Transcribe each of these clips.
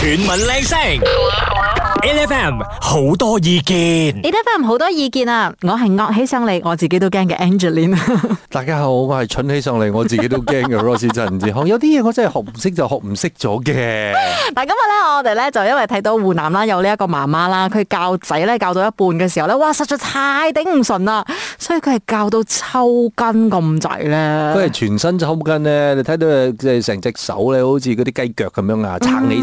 全民靚聲，FM 好多意見，FM 好多意見啊！我係惡起上嚟，我自己都驚嘅 Angelina。 大家好，我係蠢起上嚟，我自己都驚嘅 Rose 陳志康。 有啲嘢我真係學唔識就學唔識咗嘅。但今日咧，我哋咧就因為睇到湖南啦，有呢一個媽媽啦，佢教仔咧教到一半嘅時候咧，哇，實在太頂唔順啦，所以佢係教到抽筋咁滯咧。佢係全身抽筋咧，你睇到即係成隻手咧，好似嗰啲雞腳咁樣啊，撐起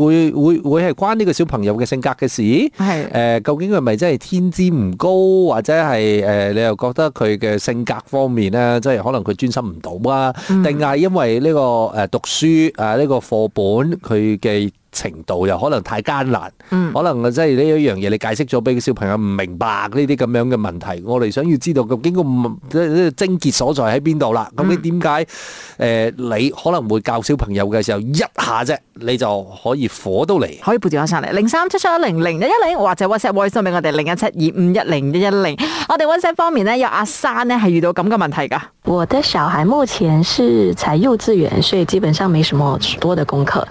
會會會係關呢個小朋友嘅性格嘅事？係誒是、呃，究竟係咪真係天資唔高，或者係誒、呃，你又覺得佢嘅性格方面咧，即係可能佢專心唔到啊？定係、嗯、因為呢、這個誒、呃、讀書呢、呢個課本佢嘅程度又可能太艱難？嗯、可能即係呢一樣嘢，你解釋咗俾個小朋友唔明白呢啲咁樣嘅問題，我哋想要知道究竟嘅症結所在喺邊度啦？咁你點解誒，你可能會教小朋友嘅時候一下啫？你就可以火到嚟，可以撥電話上嚟零三七七零零一一零或者 WhatsApp voice a p 俾我哋零一七二五一零一一零。我哋 WhatsApp 方面呢，有阿三呢，係遇到咁嘅問題噶。我的小孩目前是才幼稚園，所以基本上沒什麼多的功課。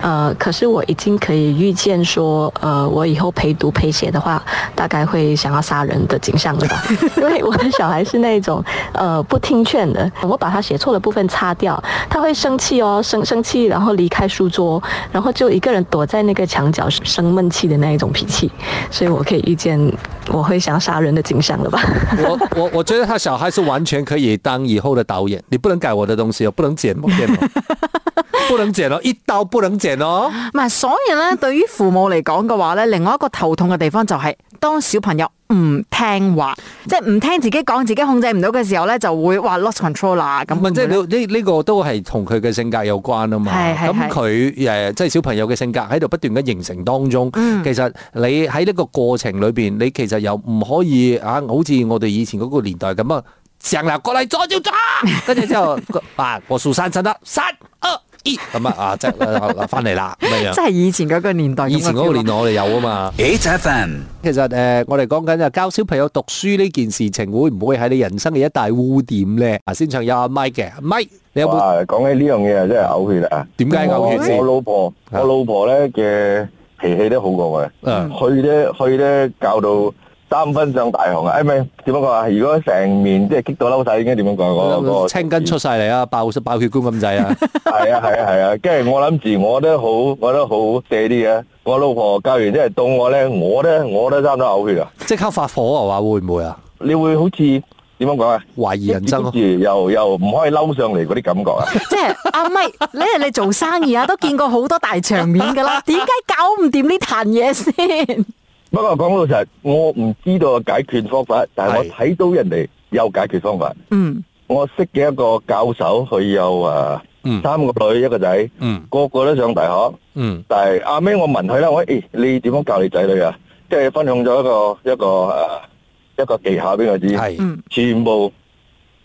呃，可是我已經可以預見說，呃，我以後陪讀陪寫的話，大概會想要殺人的景象，對吧？ 因為我的小孩是那種呃，不聽勸的。我把他寫錯的部分擦掉，他會生氣哦，生生氣，然後離開書桌。然後就一個人躲在那個牆角生悶氣的那一種脾氣，所以我可以預見我會想殺人的景象了吧 我？我我我覺得他小孩是完全可以當以後的導演，你不能改我的東西哦，不能剪不能剪哦， 一刀不能剪哦。那 所以呢，對於父母嚟講嘅話呢，另外一個頭痛的地方就係、是、當小朋友。唔聽話，即係唔聽自己講，自己控制唔到嘅時候咧，就會話 loss control 啦咁。唔、嗯、即係呢呢呢個都係同佢嘅性格有關啊嘛。係係咁佢誒，即係係係、就是、小朋友嘅性格喺度不斷嘅形成當中。嗯、其實你喺呢個過程裏邊，你其實又唔可以啊，好似我哋以前嗰個年代咁啊，成日過嚟捉就抓。跟住之後啊，我數三,三、七、得三咁啊啊，即係翻嚟啦，咁樣，即係以前嗰個年代，以前嗰個年代我哋有啊嘛。誒，Jeffrey，其實誒，我哋講緊就教小朋友讀書呢件事情，會唔會係你人生嘅一大污點咧？啊，先上有阿 Mike 嘅，Mike，你有冇？啊，講起呢樣嘢啊，真係嘔血啦！點解嘔血？我老婆，我老婆咧嘅脾氣都好過我，去咧去咧教到。三分上大紅啊！誒咪點樣講啊？如果成面即係激到嬲曬，應該點樣講？青筋出曬嚟啊！爆出爆血管咁滯啊！係啊係啊係啊！跟住我諗住我都好，我都好謝啲嘢。我老婆教完即係到我咧，我咧我都差唔多嘔血啊！即刻發火啊！話會唔會啊？你會好似點樣講啊？懷疑人生，又又唔可以嬲上嚟嗰啲感覺啊！即係阿咪，你哋你做生意啊，都見過好多大場面㗎啦，點解搞唔掂呢壇嘢先？不過講老實，我唔知道解決方法，但係我睇到人哋有解決方法。嗯，我識嘅一個教授，佢有啊，三個女，嗯、一個仔，個個都上大學。嗯，但係阿 May 我問佢啦，喂、哎，你點樣教你仔女啊？即、就、係、是、分享咗一個一個誒一,一個技巧俾我知，係是全部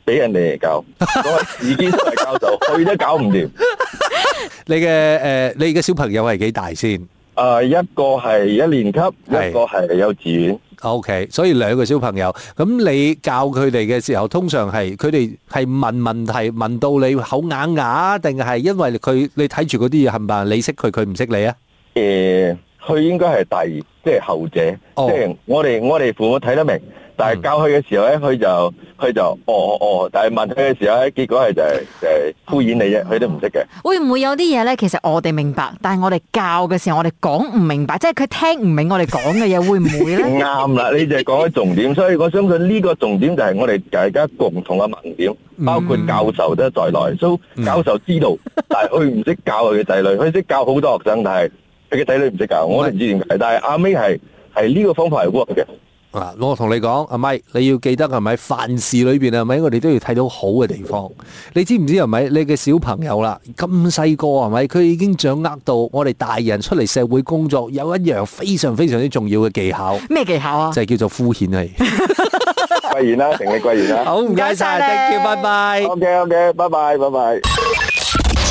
俾人哋教。所以自己都係教授，佢都搞唔掂， 呃。你嘅誒，你嘅小朋友係幾大先？誒，一個係一年級，一個係幼稚園。OK，所以兩個小朋友，咁你教佢哋嘅時候，通常係佢哋係問問題，問到你口啞啞，定係因為佢你睇住嗰啲嘢，係唔係你識佢，佢唔識你啊？誒，佢應該係第二，即係後者，即係我哋我哋父母睇得明。但係教佢嘅時候咧，佢就佢就哦哦，但係問佢嘅時候咧，結果係就係就係敷衍你啫，佢都唔識嘅。會唔會有啲嘢咧？其實我哋明白，但係我哋教嘅時候，我哋講唔明白，即係佢聽唔明我哋講嘅嘢，會唔會咧？啱啦，你就係講緊重點，所以我相信呢個重點就係我哋大家共同嘅盲點，包括教授都在內，所以教授知道，但係佢唔識教佢嘅仔女，佢識教好多學生，但係佢嘅仔女唔識教，我都唔知點解。但係阿妹係係呢個方法係 work 嘅。啊！我同你講，阿米，你要記得係咪？凡事裏邊係咪？我哋都要睇到好嘅地方。你知唔知係咪？你嘅小朋友啦，咁細個係咪？佢已經掌握到我哋大人出嚟社會工作有一樣非常非常之重要嘅技巧。咩技巧啊？就係叫做敷衍係。掛 完啦，等你掛完啦。好，唔該晒，再見，拜拜。OK，OK，拜拜，拜拜。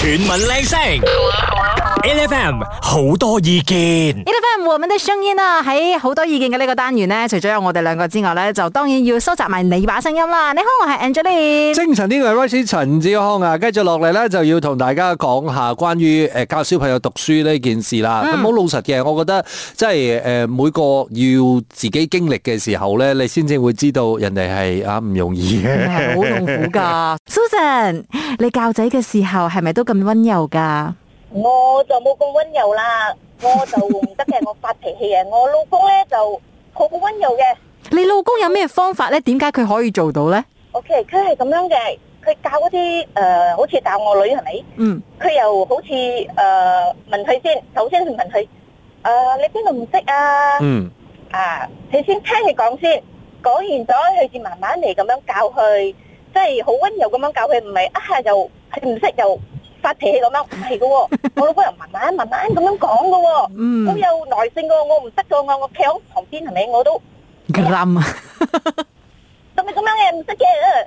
全民靚聲，L F M 好多意見，L F M 和我們的聲音啊！喺好多意見嘅呢個單元呢，除咗有我哋兩個之外呢，就當然要收集埋你把聲音啦。你好，我係 Angeline。精神呢個係 Rice 陳志康啊，跟住落嚟，呢就要同大家講下關於誒教小朋友讀書呢件事啦。咁好、嗯、老實嘅，我覺得即係誒、呃、每個要自己經歷嘅時候呢，你先至會知道人哋係啊唔容易嘅，好痛、嗯、苦噶。 Susan，你教仔嘅時候係咪都咁？溫柔噶，我就冇咁溫柔啦，我就唔得嘅，我發脾氣啊！我老公咧就好好溫柔嘅。你老公有咩方法咧？點解佢可以做到咧？OK，佢係咁樣嘅，佢教嗰啲誒，好似教我女係咪？嗯，佢又好似誒問佢先，首先問佢，誒你邊度唔識啊？嗯，啊，你先聽佢講先，講完咗佢先慢慢嚟咁樣教佢，即係好溫柔咁樣教佢，唔係一下就佢唔識又。發脾氣咁樣唔係噶，我老公又慢慢慢慢咁樣講噶，嗯，好有耐性噶，我唔得噶，我我企喺旁邊係咪？我都啱啊，咁咪咁樣嘅唔得嘅，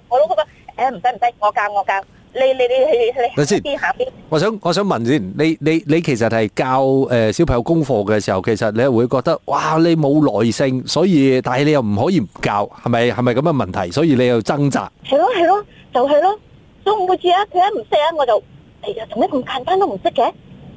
我老公話誒唔使唔使，我教我教你你你你你下邊下邊，我想我想問先，你你你其實係教誒小朋友功課嘅時候，其實你係會覺得哇你冇耐性，所以但係你又唔可以唔教，係咪係咪咁嘅問題？所以你又掙扎係咯係咯就係咯，中午佢知啊佢一唔識啊我就。哎呀，做咩咁簡單都唔識嘅，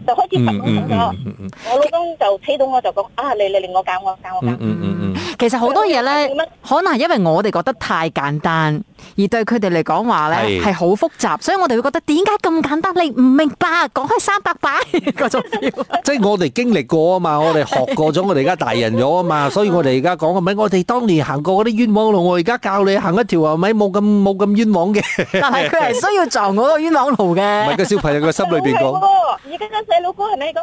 就開始發怒咗。嗯嗯嗯嗯嗯、我老公就聽到我就講，啊，你你令我教我教我教嗯。嗯嗯嗯，嗯其實好多嘢咧，嗯、可能係因為我哋覺得太簡單。嗯嗯嗯而對佢哋嚟講話咧係好複雜，是所以我哋會覺得點解咁簡單？你唔明白，講開三百板即係我哋經歷過啊嘛， 我哋學過咗， 我哋而家大人咗啊嘛，所以我哋而家講係咪？我哋當年行過嗰啲冤枉路，我而家教你行一條啊，咪係冇咁冇咁冤枉嘅。 但係佢係需要撞嗰個冤枉路嘅。唔係個小朋友嘅心裏邊講。而家個細路哥係咪咁？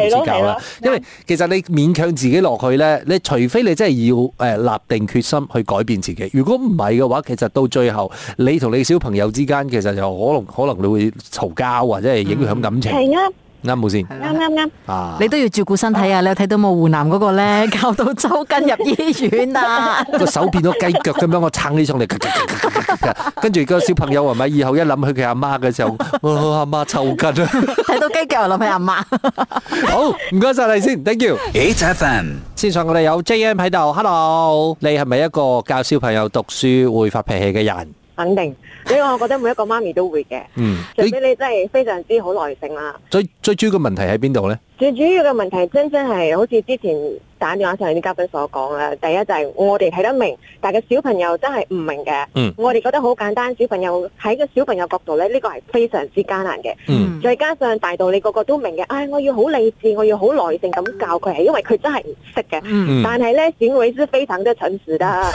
因為其實你勉強自己落去呢，你除非你真係要誒立定決心去改變自己，如果唔係嘅話，其實到最後你同你小朋友之間，其實就可能可能你會嘈交，或者係影響感情。嗯啱冇先，啱啱啱，你都要照顧身體啊！你有睇到冇湖南嗰個咧，搞到抽筋入醫院啊！個手變咗雞腳咁樣，我撐起上嚟，跟住個小朋友係咪？以後一諗起佢阿媽嘅時候，我阿媽抽筋啊！睇到雞腳，我諗起佢阿媽。好，唔該晒你先，Thank you。H F M，先上我哋有 J M 喺度，Hello，你係咪一個教小朋友讀書會發脾氣嘅人？肯定，所以我覺得每一個媽咪都會嘅。 嗯，除非你真係非常之好耐性啦。最最主要嘅問題喺邊度咧？最主要嘅問題真真係好似之前打電話上嚟啲嘉賓所講啦，第一就係我哋睇得明，但係個小朋友真係唔明嘅。嗯，我哋覺得好簡單，小朋友喺個小朋友角度咧，呢個係非常之艱難嘅。嗯，再加上大道理個個都明嘅，唉，我要好理智，我要好耐性咁教佢，係因為佢真係唔識嘅。嗯，但係呢，小維是非常之蠢事啦。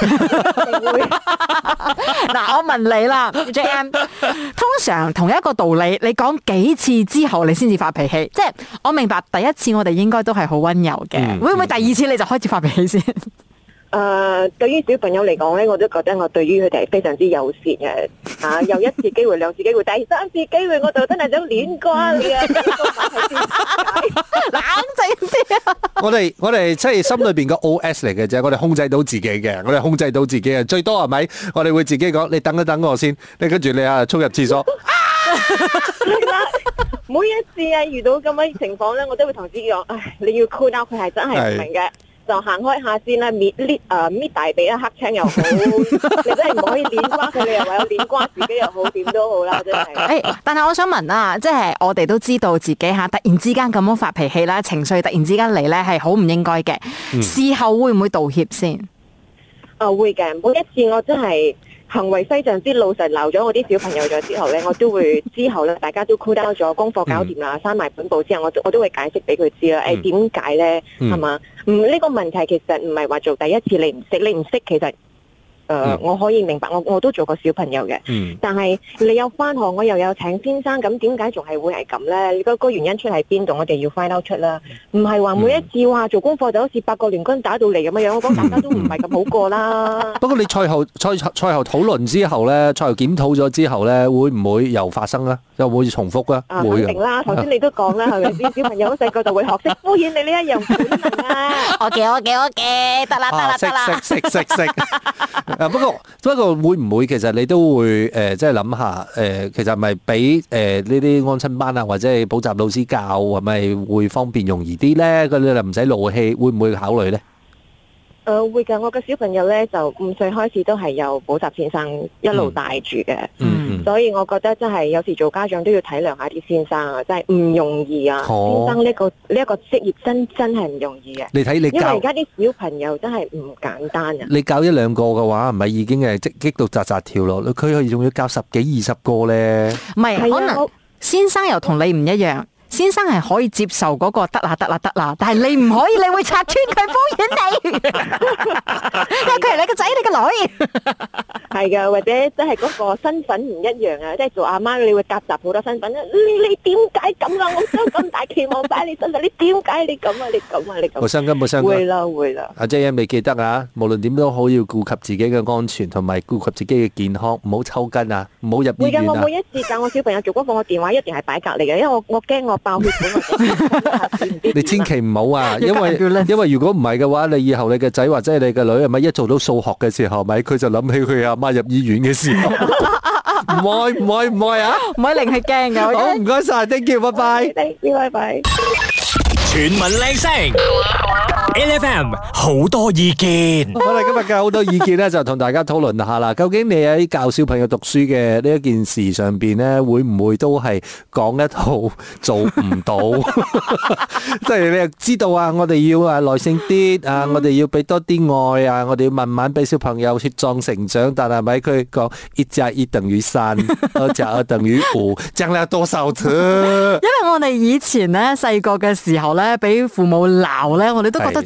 嗱，我問你啦，J M，通常同一個道理，你講幾次之後，你先至發脾氣，即係我明白。第一次我哋應該都係好温柔嘅，會唔會第二次你就開始發脾氣先？誒，對於小朋友嚟講咧，我都覺得我對於佢哋係非常之友善嘅。吓，有一次機會，兩次機會，第三次機會我就真係想亂過你啊！冷靜，我哋我哋即係心裏邊個 OS 嚟嘅啫，我哋控制到自己嘅，我哋控制到自己嘅，最多係咪？我哋會自己講，你等一等我先，你跟住你啊衝入廁所。 每一次啊遇到咁樣情況咧，我都會同自己講：唉，你要 call down 佢係真係唔明嘅，是的 就行開一下先啦，搣搣、呃、大髀啦，黑青又好， 你真係唔可以擰瓜佢，你又唯有擰瓜自己又好，點都好啦，真係、哎。但係我想問啊，即、就、係、是、我哋都知道自己吓、啊、突然之間咁樣發脾氣啦，情緒突然之間嚟咧係好唔應該嘅，嗯、事後會唔會道歉先？啊、哦，會嘅，每一次我真係。行為非常之老實，鬧咗我啲小朋友咗之， 之後呢，我都會之後大家都 co 達咗功課搞掂啦，閂埋本簿之後，我我都會解釋俾佢知啦。誒、 哎，點解呢？係嘛？ 嗯，呢個問題其實唔係話做第一次你唔識，你唔識其實。誒，我可以明白，我我都做過小朋友嘅，但係你有翻學，我又有請先生，咁點解仲係會係咁咧？個個原因出喺邊度？我哋要 find out 出啦。唔係話每一次話做功課就好似八國聯軍打到嚟咁樣樣，我講大家都唔係咁好過啦。不過你賽後賽賽後討論之後咧，賽後檢討咗之後咧，會唔會又發生咧？又會重複咧？啊，肯定啦！頭先你都講啦，係咪啲小朋友好細個就會學識敷衍你呢一樣嘢啦？OK，OK，OK，得啦，得啦，得啦，識識識識識。啊，不過不過會唔會其實你都會誒，即係諗下誒、呃，其實咪俾誒呢啲安親班啊，或者係補習老師教，係咪會方便容易啲咧？佢哋就唔使勞氣，會唔會考慮咧？誒會㗎，我嘅小朋友咧就五歲開始都係由補習先生一路帶住嘅，所以我覺得真係有時做家長都要體諒下啲先生啊，真係唔容易啊！先生呢個呢一個職業真真係唔容易嘅。你睇你因為而家啲小朋友真係唔簡單啊！你教一兩個嘅話，唔係已經係激激到扎扎跳咯？佢佢仲要教十幾二十個咧，唔係可能先生又同你唔一樣。先生係可以接受嗰個得啦得啦得啦，但係你唔可以，你會拆穿佢敷衍你，因為佢係你個仔，你個女係噶，或者即係嗰個身份唔一樣啊，即係做阿媽，你會夾雜好多身份。你你點解咁啊？我收咁大期望擺你身上，你點解你咁啊？你咁啊？你咁？冇生根，冇生根，會啦會啦。阿姐未記得啊？無論點都好，要顧及自己嘅安全同埋顧及自己嘅健康，唔好抽筋啊，唔好入醫院啊。我每一次教我小朋友做功課，我電話一定係擺隔籬嘅，因為我我驚我。爆血咁啊！你千祈唔好啊，因為因為如果唔係嘅話，你以後你嘅仔或者係你嘅女，係咪一做到數學嘅時候，係咪佢就諗起佢阿媽入醫院嘅事？唔好唔好唔好啊！唔好令佢驚嘅。好唔該曬，thank you，拜拜。thank you，拜拜。全民靚聲。L.F.M. 好多意見，我哋，今日嘅好多意見咧，就同大家討論下啦。究竟你喺教小朋友讀書嘅呢一件事上邊咧，會唔會都係講一套做唔到？即係你又知道啊，我哋要啊耐性啲啊，我哋要俾多啲愛啊，我哋要慢慢俾小朋友茁壯成長。但係咪佢講一加一等於三，二加二等於五，正啦多少次？因為我哋以前咧細個嘅時候咧，俾父母鬧咧，我哋都覺得。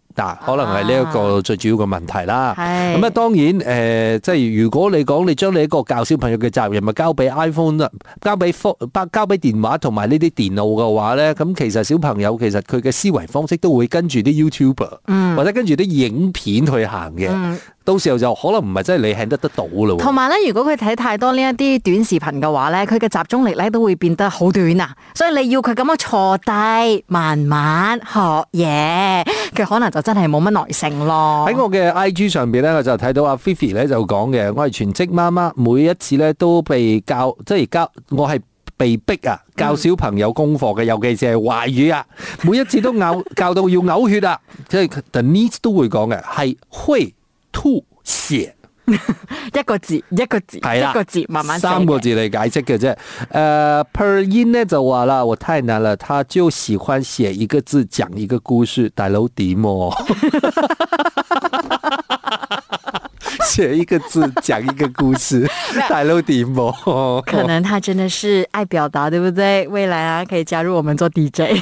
啊，可能係呢一個最主要嘅問題啦。咁啊，當然誒，呃，即係如果你講你將你一個教小朋友嘅責任，咪交俾 iPhone 交俾科，交俾電話同埋呢啲電腦嘅話咧，咁其實小朋友其實佢嘅思維方式都會跟住啲 YouTuber，或者跟住啲影片去行嘅。嗯嗯到時候就可能唔係真係你聽得得到咯。同埋咧，如果佢睇太多呢一啲短視頻嘅話咧，佢嘅集中力咧都會變得好短啊！所以你要佢咁樣坐低慢慢學嘢，佢可能就真係冇乜耐性咯。喺我嘅 I G 上面咧，我就睇到阿 Fifi 咧就講嘅，我係全職媽媽，每一次咧都被教，即係而家我係被逼啊教小朋友功課嘅，尤其是係華語啊，每一次都嘔、呃、教到要嘔、呃、血啊！即係 Dennis 都會講嘅係，嘿。吐血 一個字一個字一個字慢慢三個字嚟解釋嘅啫。呃 Perin 呢就話啦，我太難了，他就喜歡寫一個字講一,一， 一,一個故事。Diolimo 寫一個字講一個故事。Diolimo 可能他真的是愛表達，對不對？未來啊，可以加入我們做 DJ。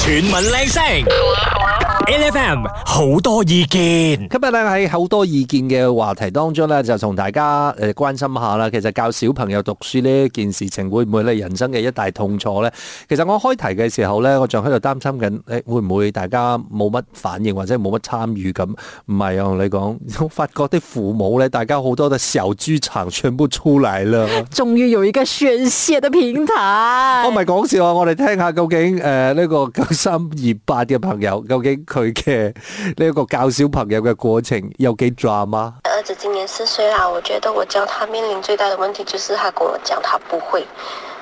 全 嗯、文靚聲。L.F.M. 好多意見，今日咧喺好多意見嘅話題當中咧，就同大家誒關心下啦。其實教小朋友讀書呢件事情，會唔會咧人生嘅一大痛楚咧？其實我開題嘅時候咧，我仲喺度擔心緊誒、欸，會唔會大家冇乜反應或者冇乜參與感？唔係啊，我同你講，發覺啲父母咧，大家好多嘅小劇場全部出來啦，終於有一個宣泄嘅平台。 我唔係講笑啊，我哋聽下究竟誒呢個九三二八嘅朋友究竟。呃這個 9, 3, 2, 佢嘅呢個教小朋友嘅過程有幾抓嗎？兒子今年四歲啦，我覺得我教他面臨最大的問題就是，他跟我講他不會，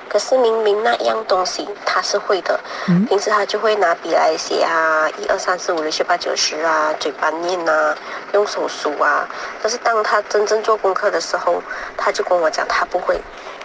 可是明明那樣東西他是會的，嗯、平時他就會拿筆來寫啊，一二三四五六七八九十啊，嘴巴念啊，用手數啊，但是當他真正做功課的時候，他就跟我講他不會。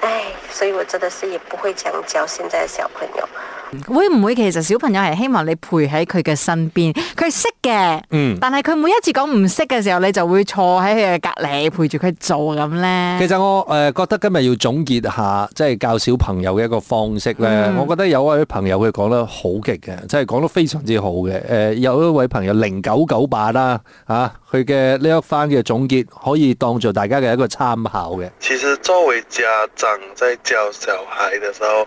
唉，所以我真的是也不會講教現在的小朋友。會唔會其實小朋友係希望你陪喺佢嘅身邊？佢識嘅，嗯，但係佢每一次講唔識嘅時候，你就會坐喺佢嘅隔離陪住佢做咁。呢，其實我誒，覺得今日要總結下，即係教小朋友嘅一個方式咧。嗯，我覺得有一位朋友佢講得好極嘅，即係講得非常之好嘅。誒，有一位朋友零九九八啦，啊，佢嘅呢一番嘅總結可以當做大家嘅一個參考嘅。其實作為家長在教小孩嘅時候，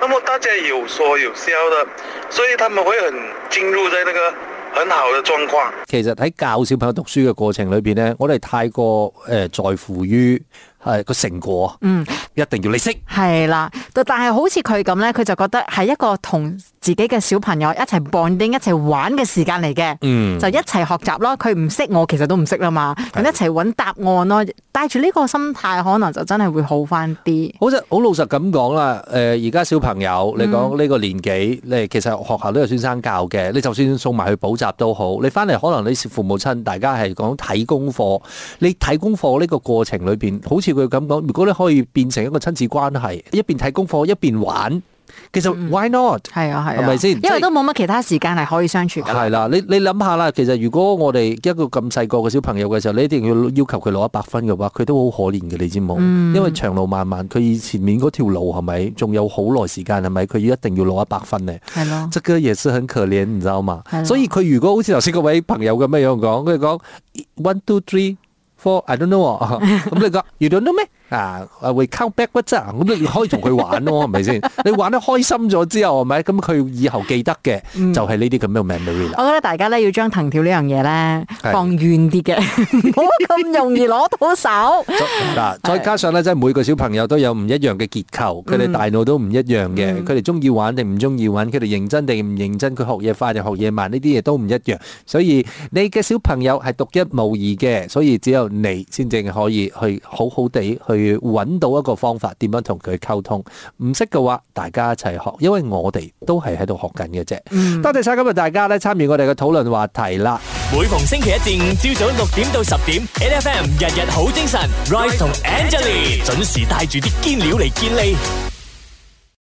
那麼大家有說有笑的，所以他們會很進入在那個很好的狀況。其實喺教小朋友讀書嘅過程裏邊呢，我哋太過誒在乎於個成果，嗯，一定要你識係啦。但係好似佢咁呢，佢就覺得係一個同。自己嘅小朋友一齊蹦丁一齊玩嘅時間嚟嘅，嗯、就一齊學習咯。佢唔識我，其實都唔識啦嘛。咁的一齊揾答案咯。帶住呢個心態，可能就真係會好翻啲。好實好老實咁講啦。誒、呃，而家小朋友你講呢個年紀，嗯、你其實學校都有先生教嘅。你就算送埋去補習都好，你翻嚟可能你父母親大家係講睇功課。你睇功課呢個過程裏邊，好似佢咁講，如果你可以變成一個親子關係，一邊睇功課一邊玩。其實 why not 係啊係，係咪先？是是因為都冇乜其他時間係可以相處噶、就是。係啦、啊，你你諗下啦，其實如果我哋一個咁細個嘅小朋友嘅時候，你一定要要求佢攞一百分嘅話，佢都好可憐嘅，你知冇？嗯、因為長路漫漫，佢前面嗰條路係咪仲有好耐時間？係咪佢一定要攞一百分呢？係咯、啊，這個也是很可憐，你知道嘛？啊、所以佢如果好似頭先嗰位朋友咁樣講，佢講 one two three four I don't know，咁 你講 you don't know 咩？啊，啊會 count back 骨質啊，咁你可以同佢玩咯，係咪先？你玩得開心咗之後，係咪？咁佢以後記得嘅就係呢啲咁嘅 memory 啦。我覺得大家咧要將藤條呢樣嘢咧放遠啲嘅，唔好咁容易攞到手。嗱，再加上咧，即係每個小朋友都有唔一樣嘅結構，佢哋大腦都唔一樣嘅，佢哋中意玩定唔中意玩，佢哋認真定唔認真，佢學嘢快定學嘢慢，呢啲嘢都唔一樣。所以你嘅小朋友係獨一無二嘅，所以只有你先至可以去好好地去。去揾到一個方法，點樣同佢溝通？唔識嘅話，大家一齊學，因為我哋都係喺度學緊嘅啫。嗯、多謝晒今日大家咧參與我哋嘅討論話題啦！每逢星期一至五朝早六點到十點，NFM 日日好精神，Right Right 同 Angelie 準時帶住啲堅料嚟堅利。